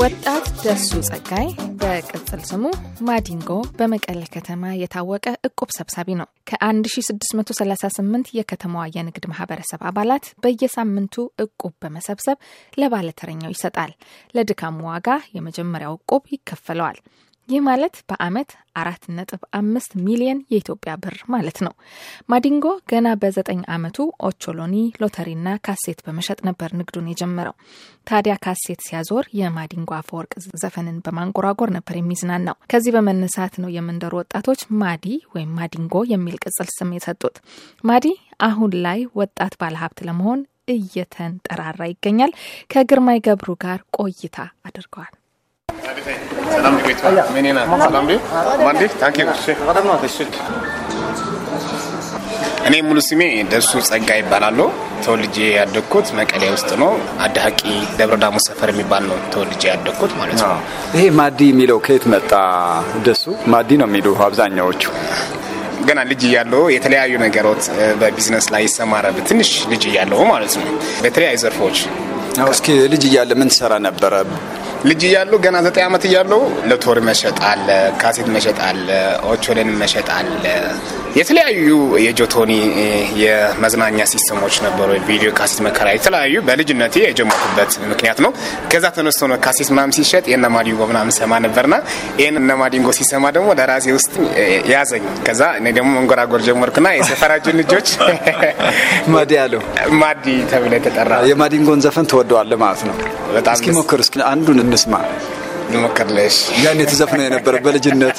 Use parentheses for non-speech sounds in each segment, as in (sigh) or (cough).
ወጣት ደሱ ጸጋይ በቅጽል ስሙ ማዲንጎ በመቀለ ከተማ የታወቀ እቁብ ሰብሳቢ ነው። ከ1638 የከተማዋ የንግድ ማህበረሰብ አባላት በየሳምንቱ እቁብ በመሰብሰብ ለባለተረኛው ይሰጣል። ለድካሙ ዋጋ የመጀመሪያው እቁብ ይከፈለዋል። ይህ ማለት በአመት አራት ነጥብ አምስት ሚሊየን የኢትዮጵያ ብር ማለት ነው። ማዲንጎ ገና በዘጠኝ አመቱ ኦቾሎኒ ሎተሪና ካሴት በመሸጥ ነበር ንግዱን የጀመረው። ታዲያ ካሴት ሲያዞር የማዲንጎ አፈወርቅ ዘፈንን በማንጎራጎር ነበር የሚዝናናው። ከዚህ በመነሳት ነው የመንደሩ ወጣቶች ማዲ ወይም ማዲንጎ የሚል ቅጽል ስም የሰጡት። ማዲ አሁን ላይ ወጣት ባለሀብት ለመሆን እየተንጠራራ ይገኛል። ከግርማይ ገብሩ ጋር ቆይታ አድርገዋል። ሰላም ቤት ሰላም ማንዴ ታንኪ እኔ ሙሉ ስሜ ደርሱ ጸጋ ይባላለሁ። ተወልጄ ያደግኩት መቀሌ ውስጥ ነው። አዳቂ ደብረ ዳሞ ሰፈር የሚባል ነው ተወልጄ ያደግኩት ማለት ነው። ይሄ ማዲ የሚለው ከየት መጣ? ደሱ ማዲ ነው የሚሉ አብዛኛዎቹ። ገና ልጅ እያለሁ የተለያዩ ነገሮች በቢዝነስ ላይ ይሰማረብ ትንሽ ልጅ እያለሁ ማለት ነው። በተለያዩ ዘርፎች እስኪ ልጅ እያለ ምን ትሰራ ነበረ? ልጅ እያለሁ ገና ዘጠኝ ዓመት እያለሁ ለቶር መሸጥ አለ፣ ካሴት መሸጥ አለ፣ ኦቾሌን መሸጥ አለ የተለያዩ የጆቶኒ የመዝናኛ ሲስተሞች ነበሩ። ቪዲዮ ካሴት መከራ የተለያዩ በልጅነቴ የጀመርኩበት ምክንያት ነው። ከዛ ተነስቶ ነው ካሴት ምናምን ሲሸጥ የእነ ማዲንጎ ምናምን ሰማ ነበርና ይህን እነ ማዲንጎ ሲሰማ ደግሞ ለራሴ ውስጥ ያዘኝ። ከዛ እኔ ደግሞ መንጎራጎር ጀመርኩና የሰፈራጅን ልጆች (laughs) ማዲ አለው ማዲ ተብለ የተጠራ የማዲንጎን ዘፈን ተወደዋለ ማለት ነው። በጣም እስኪ ሞክር፣ እስኪ አንዱን እንስማ። ልሞክርልሽ ያን የተዘፍነው የነበረ በልጅነት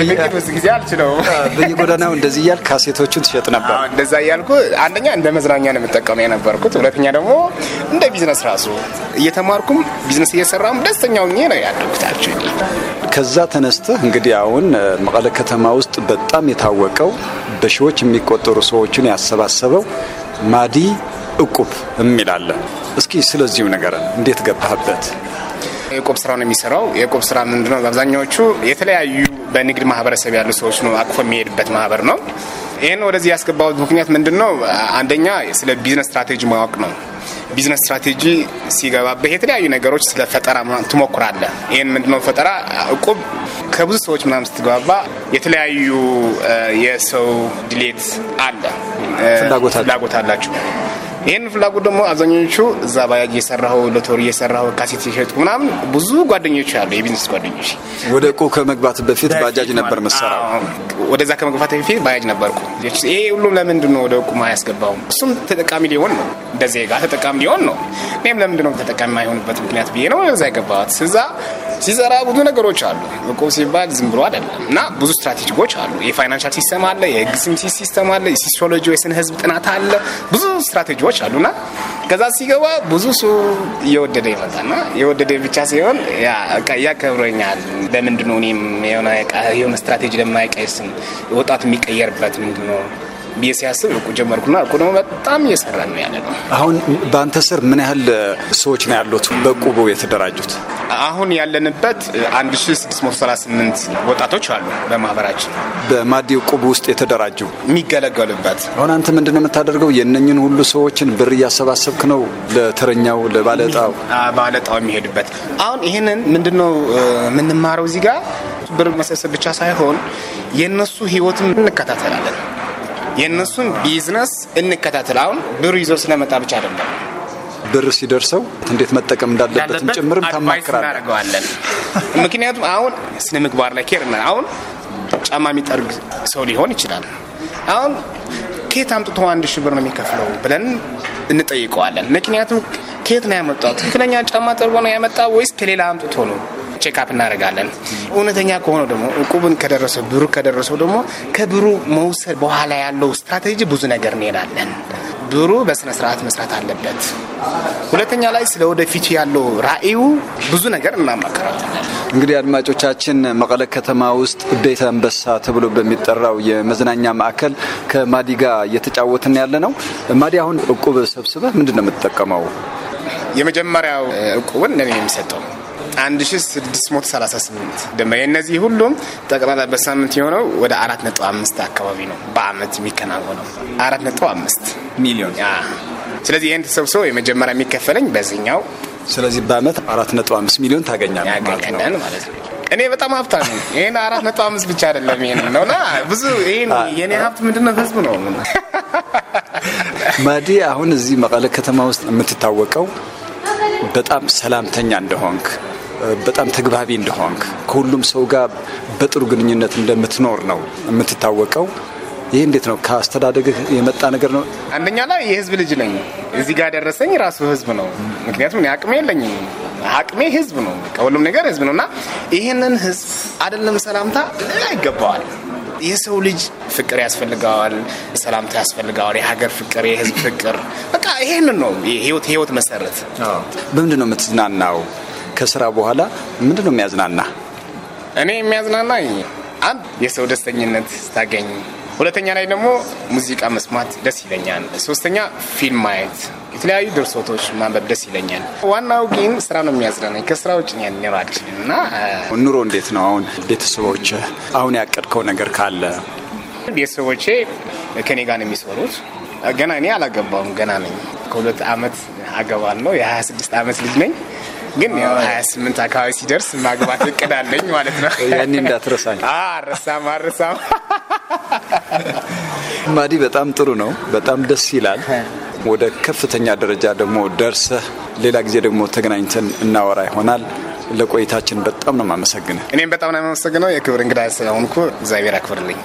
እንግዲህ ጊዜ አልችለውም። በየጎዳናው እንደዚህ እያል ካሴቶቹን ትሸጥ ነበር። እንደዛ እያልኩ አንደኛ እንደ መዝናኛ ነው የምጠቀመው የነበርኩት፣ ሁለተኛ ደግሞ እንደ ቢዝነስ ራሱ እየተማርኩም ቢዝነስ እየሰራም ደስተኛው ነው ያደጉት። ከዛ ተነስተህ እንግዲህ አሁን መቀለ ከተማ ውስጥ በጣም የታወቀው በሺዎች የሚቆጠሩ ሰዎችን ያሰባሰበው ማዲ እቁብ የሚላለን እስኪ ስለዚሁ ነገር እንዴት ገባህበት? የቆብ ስራ ነው የሚሰራው። የቆብ ስራ ምንድነው? አብዛኛዎቹ የተለያዩ በንግድ ማህበረሰብ ያሉ ሰዎች ነው አቅፎ የሚሄድበት ማህበር ነው። ይህን ወደዚህ ያስገባሁት ምክንያት ምንድን ነው? አንደኛ ስለ ቢዝነስ ስትራቴጂ ማወቅ ነው። ቢዝነስ ስትራቴጂ ሲገባበት የተለያዩ ነገሮች ስለ ፈጠራ ትሞክራለ። ይህን ምንድነው ፈጠራ እቁብ ከብዙ ሰዎች ምናምን ስትገባባ የተለያዩ የሰው ድሌት አለ፣ ፍላጎት አላችሁ ይህን ፍላጎት ደግሞ አብዛኞቹ እዛ ባያጅ የሰራው ሎተሪ የሰራው ካሴት ሸጡ ምናምን ብዙ ጓደኞች አሉ፣ የቢዝነስ ጓደኞች። ወደ ቁ ከመግባት በፊት ባጃጅ ነበር መሰራ። ወደዛ ከመግባት በፊት ባጃጅ ነበርኩ። ይሄ ሁሉም ለምንድን ነው ወደ ቁ አያስገባውም? እሱም ተጠቃሚ ሊሆን ነው፣ እንደ ዜጋ ተጠቃሚ ሊሆን ነው። እኔም ለምንድን ነው ተጠቃሚ የማይሆንበት ምክንያት ብዬ ነው እዛ የገባሁት እዛ ሲሰራ ብዙ ነገሮች አሉ። እቁብ ሲባል ዝም ብሎ አይደለም እና ብዙ ስትራቴጂዎች አሉ። የፋይናንሻል ሲስተም አለ፣ የህግ ስምሲ ሲስተም አለ፣ የሲሶሎጂ የስነ ህዝብ ጥናት አለ። ብዙ ስትራቴጂዎች አሉ አሉና ከዛ ሲገባ ብዙ ሰው እየወደደ ይመጣና የወደደ ብቻ ሲሆን ያከብረኛል። ለምንድነው እኔም የሆነ ስትራቴጂ ለማይቀይስም ወጣት የሚቀየርበት ምንድነው ብዬ ሲያስብ እቁ ጀመርኩና እኮ ደግሞ በጣም እየሰራ ነው ያለ ነው። አሁን በአንተ ስር ምን ያህል ሰዎች ነው ያሉት በቁቡ የተደራጁት? አሁን ያለንበት 1638 ወጣቶች አሉ በማህበራችን በማዲ ቁቡ ውስጥ የተደራጁ የሚገለገሉበት። አሁን አንተ ምንድን ነው የምታደርገው? የእነኝን ሁሉ ሰዎችን ብር እያሰባሰብክ ነው ለተረኛው ለባለጣው ባለጣው የሚሄድበት አሁን ይህንን ምንድን ነው የምንማረው እዚህ ጋር ብር መሰብሰብ ብቻ ሳይሆን የእነሱ ህይወትም እንከታተላለን። የእነሱን ቢዝነስ እንከታተል። አሁን ብር ይዞ ስለመጣ ብቻ አይደለም ብር ሲደርሰው እንዴት መጠቀም እንዳለበት ጭምርም ታማክራለን። ምክንያቱም አሁን ስነ ምግባር ላይ ኬር አሁን ጫማ የሚጠርግ ሰው ሊሆን ይችላል። አሁን ከየት አምጥቶ አንድ ሺህ ብር ነው የሚከፍለው ብለን እንጠይቀዋለን። ምክንያቱም ከየት ነው ያመጣው? ትክክለኛ ጫማ ጠርጎ ነው ያመጣ ወይስ ከሌላ አምጥቶ ነው? ቼክአፕ እናደርጋለን። እውነተኛ ከሆነ ደግሞ እቁብን ከደረሰው ብሩ ከደረሰው ደግሞ ከብሩ መውሰድ በኋላ ያለው ስትራቴጂ ብዙ ነገር እንሄዳለን። ብሩ በስነ ስርዓት መስራት አለበት። ሁለተኛ ላይ ስለ ወደፊቱ ያለው ራዕዩ ብዙ ነገር እናማከራለን። እንግዲህ አድማጮቻችን መቀለ ከተማ ውስጥ ቤተ አንበሳ ተብሎ በሚጠራው የመዝናኛ ማዕከል ከማዲ ጋር እየተጫወትን ያለ ነው። ማዲ፣ አሁን እቁብ ሰብስበህ ምንድን ነው የምትጠቀመው? የመጀመሪያው እቁብን ነው የሚሰጠው 1638 ደመ የእነዚህ ሁሉም ጠቅላላ በሳምንት የሆነው ወደ 4.5 አካባቢ ነው በአመት የሚከናወነው 4.5 ሚሊዮን። ስለዚህ ይህን ተሰብስቦ የመጀመሪያ የሚከፈለኝ በዚህኛው ስለዚህ በአመት 4.5 ሚሊዮን ታገኛለህ ማለት ነው። እኔ በጣም ሀብታ ነኝ። ይህን አራት ነጥ አምስት ብቻ አይደለም ይሄን ነውና ብዙ ይህን የኔ ሀብት ምንድነው ህዝብ ነው። (laughs) ማዲ አሁን እዚህ መቀለ ከተማ ውስጥ የምትታወቀው በጣም ሰላምተኛ እንደሆንክ በጣም ተግባቢ እንደሆንክ ከሁሉም ሰው ጋር በጥሩ ግንኙነት እንደምትኖር ነው የምትታወቀው። ይህ እንዴት ነው? ከአስተዳደግህ የመጣ ነገር ነው? አንደኛ ላይ የህዝብ ልጅ ነኝ። እዚህ ጋር ደረሰኝ ራሱ ህዝብ ነው። ምክንያቱም አቅሜ የለኝም። አቅሜ ህዝብ ነው። ከሁሉም ነገር ህዝብ ነው እና ይህንን ህዝብ አይደለም ሰላምታ ይገባዋል። የሰው ልጅ ፍቅር ያስፈልገዋል፣ ሰላምታ ያስፈልገዋል። የሀገር ፍቅር፣ የህዝብ ፍቅር፣ በቃ ይህንን ነው የህይወት መሰረት። በምንድን ነው የምትዝናናው? ከስራ በኋላ ምንድን ነው የሚያዝናና? እኔ የሚያዝናና አንድ የሰው ደስተኝነት ስታገኝ፣ ሁለተኛ ላይ ደግሞ ሙዚቃ መስማት ደስ ይለኛል። ሶስተኛ ፊልም ማየት፣ የተለያዩ ድርሰቶች ማንበብ ደስ ይለኛል። ዋናው ግን ስራ ነው የሚያዝናናኝ። ከስራ ውጭ እና ኑሮ እንዴት ነው አሁን? ቤተሰቦች አሁን ያቀድከው ነገር ካለ? ቤተሰቦቼ ከኔ ጋር ነው የሚሰሩት። ገና እኔ አላገባውም፣ ገና ነኝ። ከሁለት አመት አገባለሁ። የ26 ዓመት ልጅ ነኝ። ግን ያው 28 አካባቢ ሲደርስ ማግባት እቅድ አለኝ ማለት ነው። (laughs) ያኔ እንዳትረሳኝ። አረሳም አረሳም። (laughs) ማዲ በጣም ጥሩ ነው። በጣም ደስ ይላል። ወደ ከፍተኛ ደረጃ ደግሞ ደርሰህ ሌላ ጊዜ ደግሞ ተገናኝተን እናወራ ይሆናል። ለቆይታችን በጣም ነው የማመሰግነው። እኔም በጣም ነው የማመሰግነው። የክብር እንግዳ ስለሆንኩ እግዚአብሔር አክብርልኝ።